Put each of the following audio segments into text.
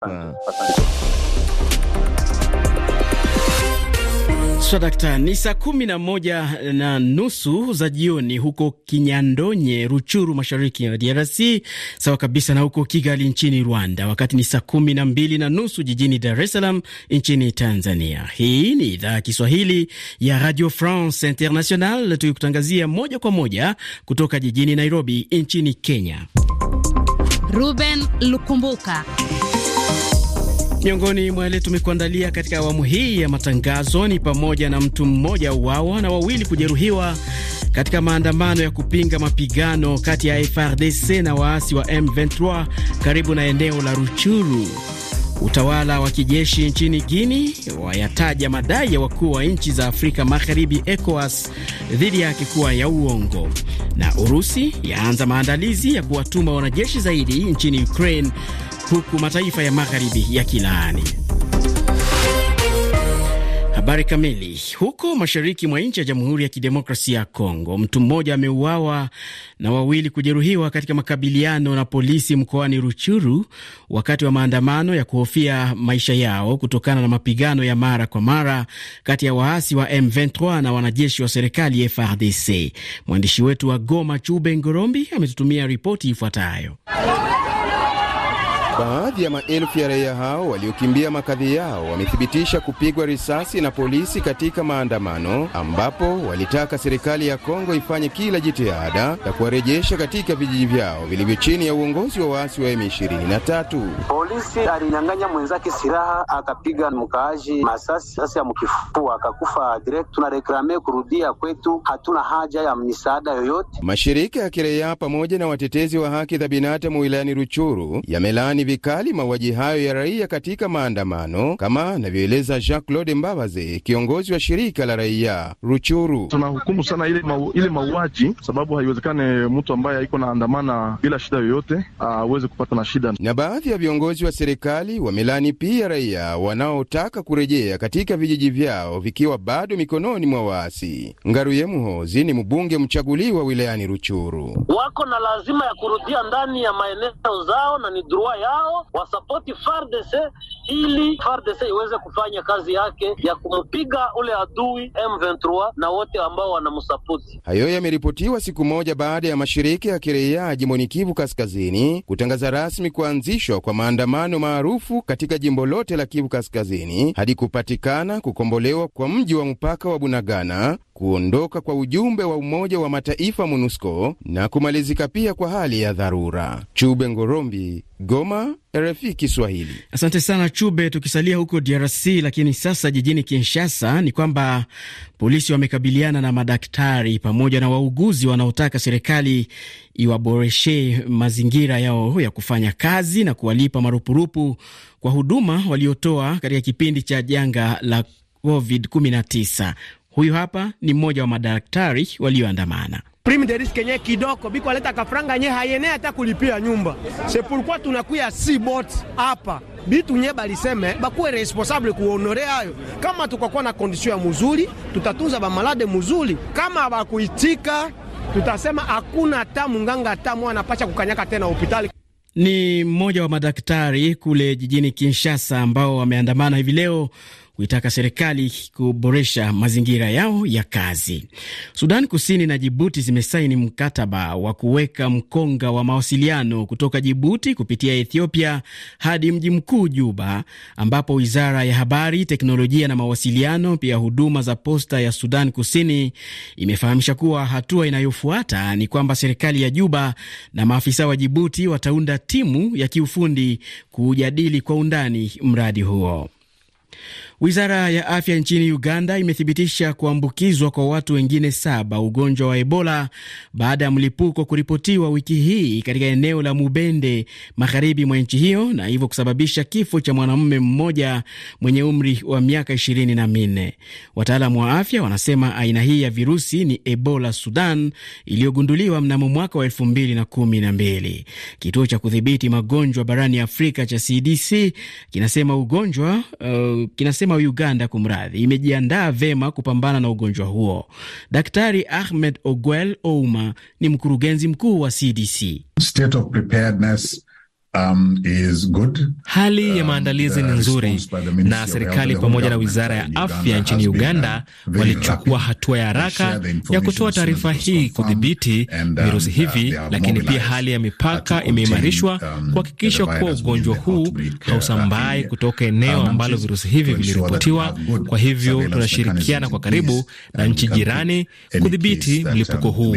Ah. So, Swadakta, ni saa kumi na moja na nusu za jioni huko Kinyandonye, Ruchuru, mashariki ya DRC, sawa kabisa na huko Kigali nchini Rwanda, wakati ni saa kumi na mbili na nusu jijini Dar es Salaam nchini Tanzania. Hii ni idhaa ya Kiswahili ya Radio France International, tukikutangazia moja kwa moja kutoka jijini Nairobi nchini Kenya. Ruben Lukumbuka Miongoni mwa yale tumekuandalia katika awamu hii ya matangazo ni pamoja na mtu mmoja uawa na wawili kujeruhiwa katika maandamano ya kupinga mapigano kati ya FRDC na waasi wa M23 karibu na eneo la Ruchuru. Utawala wa kijeshi nchini Guini wayataja madai ya wakuu wa nchi za Afrika Magharibi ECOWAS dhidi yake kuwa ya uongo, na Urusi yaanza maandalizi ya kuwatuma wanajeshi zaidi nchini Ukraine huku mataifa ya magharibi yakilaani. Habari kamili. Huko mashariki mwa nchi ya Jamhuri ya Kidemokrasia ya Kongo, mtu mmoja ameuawa na wawili kujeruhiwa katika makabiliano na polisi mkoani Ruchuru wakati wa maandamano ya kuhofia maisha yao kutokana na mapigano ya mara kwa mara kati ya waasi wa M23 na wanajeshi wa serikali FRDC. Mwandishi wetu wa Goma, Chube Ngorombi, ametutumia ripoti ifuatayo. Baadhi ya maelfu ya raia hao waliokimbia makadhi yao wamethibitisha kupigwa risasi na polisi katika maandamano, ambapo walitaka serikali ya Kongo ifanye kila jitihada ya kuwarejesha katika vijiji vyao vilivyo chini ya uongozi wa waasi wa M23. Polisi alinyang'anya mwenzake silaha akapiga mkaaji masasi sasa ya mkifua akakufa direct. Tunareklame kurudia kwetu, hatuna haja ya misaada yoyote. Mashirika ya kiraia pamoja na watetezi wa haki za binadamu wilayani Ruchuru yamelaani vikali mauaji hayo ya raia katika maandamano, kama anavyoeleza Jean Claude mbavaze kiongozi wa shirika la raia Ruchuru. Tunahukumu sana ile, ma, ile mauaji sababu haiwezekane mtu ambaye iko naandamana bila shida yoyote aweze kupata na shida. Na baadhi ya viongozi wa serikali wamelani pia raia wanaotaka kurejea katika vijiji vyao vikiwa bado mikononi mwa waasi. Ngaruye Muhozi ni mbunge mchaguliwa wilayani Ruchuru. Wako na lazima ya kurudia ndani ya maeneo zao na ni drua yao اهو وسبوتي فرد ili mm-hmm. FARDC iweze kufanya kazi yake ya kumpiga ule adui M23 na wote ambao wanamsapoti. Hayo yameripotiwa siku moja baada ya mashirika ya kiraia jimboni Kivu Kaskazini kutangaza rasmi kuanzishwa kwa maandamano maarufu katika jimbo lote la Kivu Kaskazini hadi kupatikana kukombolewa kwa mji wa mpaka wa Bunagana, kuondoka kwa ujumbe wa Umoja wa Mataifa MONUSCO na kumalizika pia kwa hali ya dharura. Chube Ngorombi, Goma. RFI Kiswahili. Asante sana Chube. Tukisalia huko DRC, lakini sasa jijini Kinshasa ni kwamba polisi wamekabiliana na madaktari pamoja na wauguzi wanaotaka serikali iwaboreshe mazingira yao ya kufanya kazi na kuwalipa marupurupu kwa huduma waliotoa katika kipindi cha janga la COVID-19. Huyu hapa ni mmoja wa madaktari walioandamana prime de risque yenyewe kidogo biko aleta kafranga yenyewe hayenee hata kulipia nyumba se sepulikuwa tunakuya si bot hapa bitu nye baliseme bakuwe responsable kuonore ayo. Kama tukakuwa na kondisio ya muzuri, tutatunza bamalade muzuri. Kama bakuitika, tutasema hakuna hata munganga hata mwa pacha kukanyaka tena hospitali. Ni mmoja wa madaktari kule jijini Kinshasa ambao wameandamana hivi leo kuitaka serikali kuboresha mazingira yao ya kazi. Sudan Kusini na Jibuti zimesaini mkataba wa kuweka mkonga wa mawasiliano kutoka Jibuti kupitia Ethiopia hadi mji mkuu Juba, ambapo wizara ya habari, teknolojia na mawasiliano, pia huduma za posta ya Sudan Kusini imefahamisha kuwa hatua inayofuata ni kwamba serikali ya Juba na maafisa wa Jibuti wataunda timu ya kiufundi kujadili kwa undani mradi huo. Wizara ya afya nchini Uganda imethibitisha kuambukizwa kwa watu wengine saba ugonjwa wa Ebola baada ya mlipuko kuripotiwa wiki hii katika eneo la Mubende magharibi mwa nchi hiyo, na hivyo kusababisha kifo cha mwanamume mmoja mwenye umri wa miaka ishirini na minne. Wataalamu wa afya wanasema aina hii ya virusi ni Ebola Sudan iliyogunduliwa mnamo mwaka wa elfu mbili na kumi na mbili. Kituo cha kudhibiti magonjwa barani Afrika cha CDC kinasema ugonjwa uh, kinasema amesema Uganda kumradhi, imejiandaa vema kupambana na ugonjwa huo. Daktari Ahmed Ogwel Ouma ni mkurugenzi mkuu wa CDC. State of preparedness Um, is good. Hali ya um, maandalizi ni nzuri na serikali pamoja na wizara ya afya nchini uh, Uganda walichukua hatua ya haraka ya kutoa taarifa hii kudhibiti uh, virusi hivi, lakini pia hali ya uh, mipaka imeimarishwa um, kuhakikisha kuwa ugonjwa huu hausambai kutoka eneo um, ambalo virusi hivi viliripotiwa. Kwa hivyo tunashirikiana kwa karibu na nchi jirani kudhibiti mlipuko huu.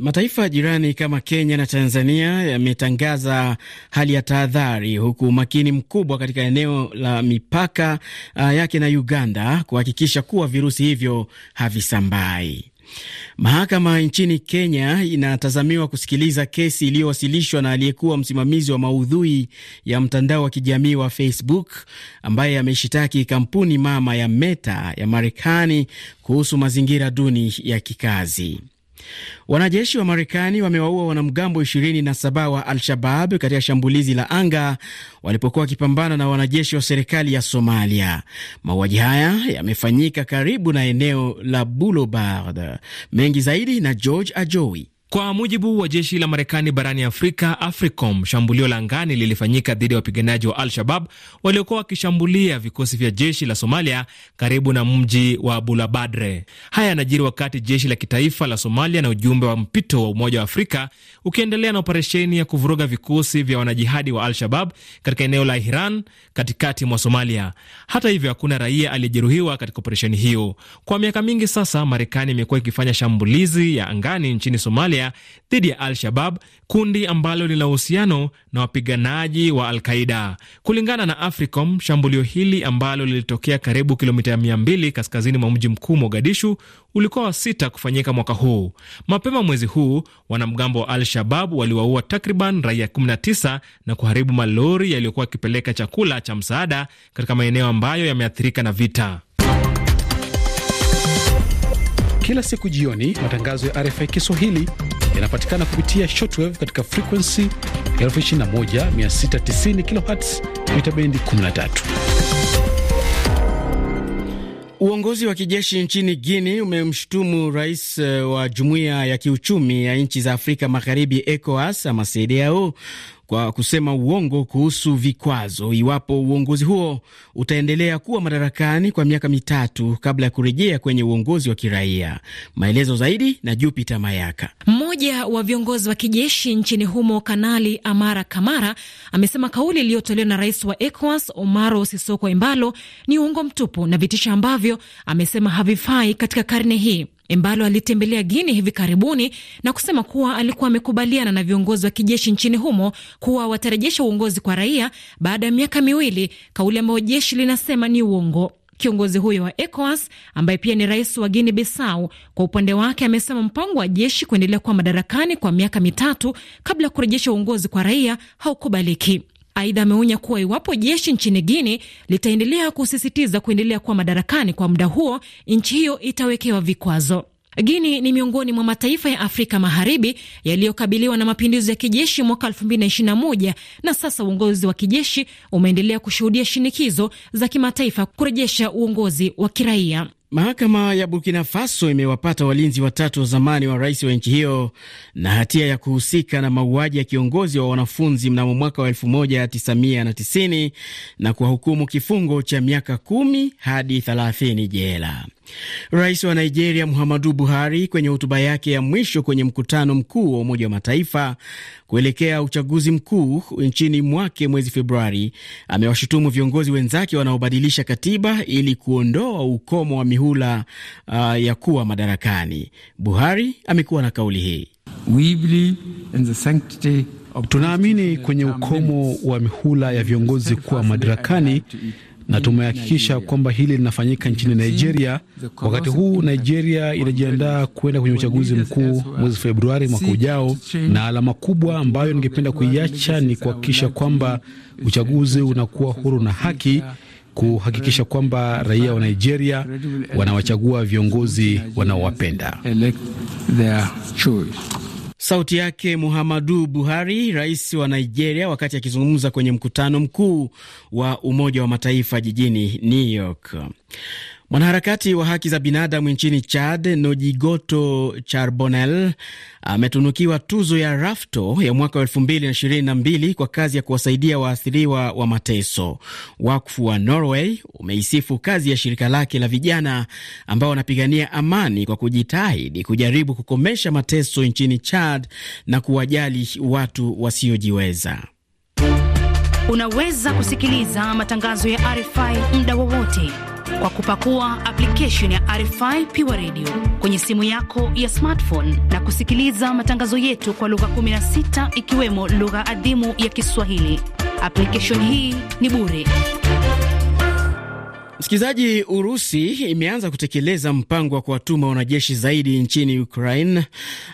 Mataifa jirani kama Kenya na Tanzania yametangaza hali ya tahadhari, huku umakini mkubwa katika eneo la mipaka uh, yake na Uganda kuhakikisha kuwa virusi hivyo havisambai. Mahakama nchini Kenya inatazamiwa kusikiliza kesi iliyowasilishwa na aliyekuwa msimamizi wa maudhui ya mtandao wa kijamii wa Facebook ambaye ameshitaki kampuni mama ya Meta ya Marekani kuhusu mazingira duni ya kikazi. Wanajeshi wa Marekani wamewaua wanamgambo 27 wa Al-Shabab katika shambulizi la anga walipokuwa wakipambana na wanajeshi wa serikali ya Somalia. Mauaji haya yamefanyika karibu na eneo la Boulevard. Mengi zaidi na George Ajowi. Kwa mujibu wa jeshi la Marekani barani Afrika, AFRICOM, shambulio la angani lilifanyika dhidi ya wapiganaji wa Al-Shabab waliokuwa wakishambulia vikosi vya jeshi la Somalia karibu na mji wa Bulabadre. Haya yanajiri wakati jeshi la kitaifa la Somalia na ujumbe wa mpito wa Umoja wa Afrika ukiendelea na operesheni ya kuvuruga vikosi vya wanajihadi wa Al-Shabab katika eneo la Hiran katikati mwa Somalia. Hata hivyo, hakuna raia aliyejeruhiwa katika operesheni hiyo. Kwa miaka mingi sasa, Marekani imekuwa ikifanya shambulizi ya angani nchini Somalia Somalia dhidi ya Al-Shabab, kundi ambalo lina uhusiano na wapiganaji wa Al-Qaida. Kulingana na AFRICOM, shambulio hili ambalo lilitokea karibu kilomita 200 kaskazini mwa mji mkuu Mogadishu ulikuwa wa sita kufanyika mwaka huu. Mapema mwezi huu wanamgambo wa Al-Shabab waliwaua takriban raia 19 na kuharibu malori yaliyokuwa yakipeleka chakula cha msaada katika maeneo ambayo yameathirika na vita. Kila siku jioni, matangazo ya RFI Kiswahili yanapatikana kupitia shortwave katika frequency 21690 kHz mita bendi 13. Uongozi wa kijeshi nchini Guini umemshutumu rais eh, wa jumuiya ya kiuchumi ya nchi za Afrika Magharibi, ECOWAS ama CEDEAO kwa kusema uongo kuhusu vikwazo iwapo uongozi huo utaendelea kuwa madarakani kwa miaka mitatu kabla ya kurejea kwenye uongozi wa kiraia. Maelezo zaidi na jupita Mayaka. Mmoja wa viongozi wa kijeshi nchini humo, Kanali Amara Kamara, amesema kauli iliyotolewa na rais wa ECOWAS Omaro Sisoko Embalo ni uongo mtupu na vitisho ambavyo amesema havifai katika karne hii. Embalo alitembelea Guini hivi karibuni na kusema kuwa alikuwa amekubaliana na viongozi wa kijeshi nchini humo kuwa watarejesha uongozi kwa raia baada ya miaka miwili, kauli ambayo jeshi linasema ni uongo. Kiongozi huyo wa ECOWAS ambaye pia ni rais wa Guinea Bissau kwa upande wake amesema mpango wa jeshi kuendelea kuwa madarakani kwa miaka mitatu kabla ya kurejesha uongozi kwa raia haukubaliki. Aidha, ameonya kuwa iwapo jeshi nchini guini litaendelea kusisitiza kuendelea kuwa madarakani kwa muda huo, nchi hiyo itawekewa vikwazo. Guini ni miongoni mwa mataifa ya Afrika Magharibi yaliyokabiliwa na mapinduzi ya kijeshi mwaka 2021 na sasa uongozi wa kijeshi umeendelea kushuhudia shinikizo za kimataifa kurejesha uongozi wa kiraia. Mahakama ya Burkina Faso imewapata walinzi watatu wa zamani wa rais wa nchi hiyo na hatia ya kuhusika na mauaji ya kiongozi wa wanafunzi mnamo mwaka wa 1990 na kuwahukumu kifungo cha miaka kumi hadi 30 jela. Rais wa Nigeria Muhammadu Buhari kwenye hotuba yake ya mwisho kwenye mkutano mkuu wa Umoja wa Mataifa kuelekea uchaguzi mkuu nchini mwake mwezi Februari amewashutumu viongozi wenzake wanaobadilisha katiba ili kuondoa ukomo wa mihula uh, ya kuwa madarakani. Buhari amekuwa na kauli hii: Tunaamini kwenye ukomo wa mihula ya viongozi kuwa madarakani na tumehakikisha kwamba hili linafanyika nchini Nigeria. Wakati huu Nigeria inajiandaa kuenda kwenye uchaguzi mkuu mwezi Februari mwaka ujao, na alama kubwa ambayo ningependa kuiacha ni kuhakikisha kwamba uchaguzi unakuwa huru na haki, kuhakikisha kwamba raia wa Nigeria wanawachagua viongozi wanaowapenda. Sauti yake Muhammadu Buhari, rais wa Nigeria, wakati akizungumza kwenye mkutano mkuu wa Umoja wa Mataifa jijini New York. Mwanaharakati wa haki za binadamu nchini Chad, Nojigoto Charbonel, ametunukiwa tuzo ya Rafto ya mwaka 2022 kwa kazi ya kuwasaidia waathiriwa wa mateso. Wakfu wa Norway umeisifu kazi ya shirika lake la vijana ambao wanapigania amani kwa kujitahidi kujaribu kukomesha mateso nchini Chad na kuwajali watu wasiojiweza. Unaweza kusikiliza matangazo ya RFI muda wowote kwa kupakua application ya RFI Pure Radio kwenye simu yako ya smartphone na kusikiliza matangazo yetu kwa lugha 16 ikiwemo lugha adhimu ya Kiswahili. Application hii ni bure. Msikilizaji, Urusi imeanza kutekeleza mpango wa kuwatuma wanajeshi zaidi nchini Ukraine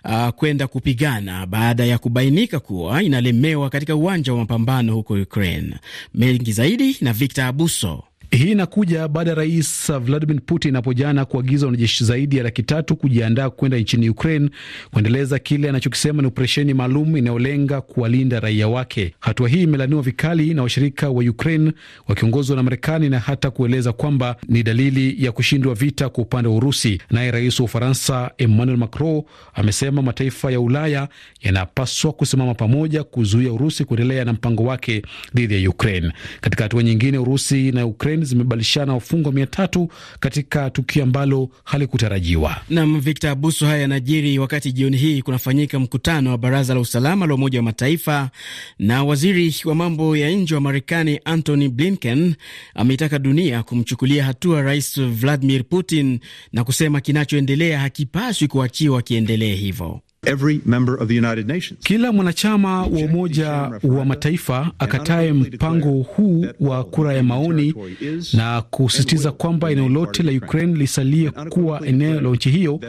uh, kwenda kupigana baada ya kubainika kuwa inalemewa katika uwanja wa mapambano huko Ukraine. Mengi zaidi na Victor Abuso. Hii inakuja baada ya rais Vladimir Putin hapo jana kuagiza wanajeshi zaidi ya laki tatu kujiandaa kwenda nchini Ukraine kuendeleza kile anachokisema ni operesheni maalum inayolenga kuwalinda raia wake. Hatua hii imelaniwa vikali na washirika wa Ukraine wakiongozwa na Marekani na hata kueleza kwamba ni dalili ya kushindwa vita kwa upande wa Urusi. Naye rais wa Ufaransa Emmanuel Macron amesema mataifa ya Ulaya yanapaswa kusimama pamoja kuzuia Urusi kuendelea na mpango wake dhidi ya Ukraine. Katika hatua nyingine, Urusi na Ukraine zimebadilishana wafungwa mia tatu katika tukio ambalo halikutarajiwa. Nam Victor Abuso, haya yanajiri wakati jioni hii kunafanyika mkutano wa baraza la usalama la Umoja wa Mataifa, na waziri wa mambo ya nje wa Marekani Antony Blinken ameitaka dunia kumchukulia hatua Rais Vladimir Putin na kusema kinachoendelea hakipaswi kuachiwa kiendelee hivyo every member of the United Nations. Kila mwanachama wa Umoja wa Mataifa akatae mpango huu wa kura ya maoni na kusisitiza kwamba eneo lote la Ukraine lisalie kuwa eneo la nchi hiyo,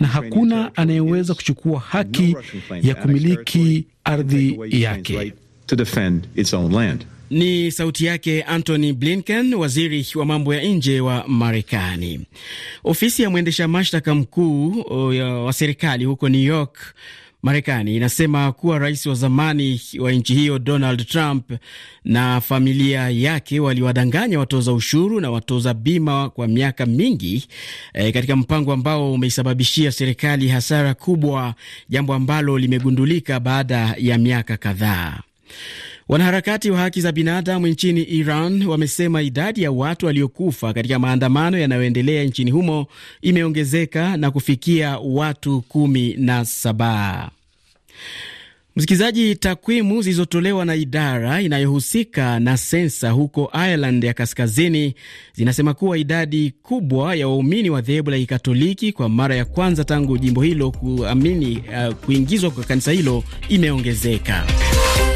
na hakuna anayeweza kuchukua haki ya kumiliki ardhi yake. Ni sauti yake Antony Blinken, waziri wa mambo ya nje wa Marekani. Ofisi ya mwendesha mashtaka mkuu wa serikali huko New York Marekani inasema kuwa rais wa zamani wa nchi hiyo Donald Trump na familia yake waliwadanganya watoza ushuru na watoza bima kwa miaka mingi e, katika mpango ambao umeisababishia serikali hasara kubwa, jambo ambalo limegundulika baada ya miaka kadhaa. Wanaharakati wa haki za binadamu nchini Iran wamesema idadi ya watu waliokufa katika maandamano yanayoendelea nchini humo imeongezeka na kufikia watu kumi na saba. Msikilizaji, takwimu zilizotolewa na idara inayohusika na sensa huko Ireland ya kaskazini zinasema kuwa idadi kubwa ya waumini wa dhehebu la Kikatoliki kwa mara ya kwanza tangu jimbo hilo kuamini uh, kuingizwa kwa kanisa hilo imeongezeka.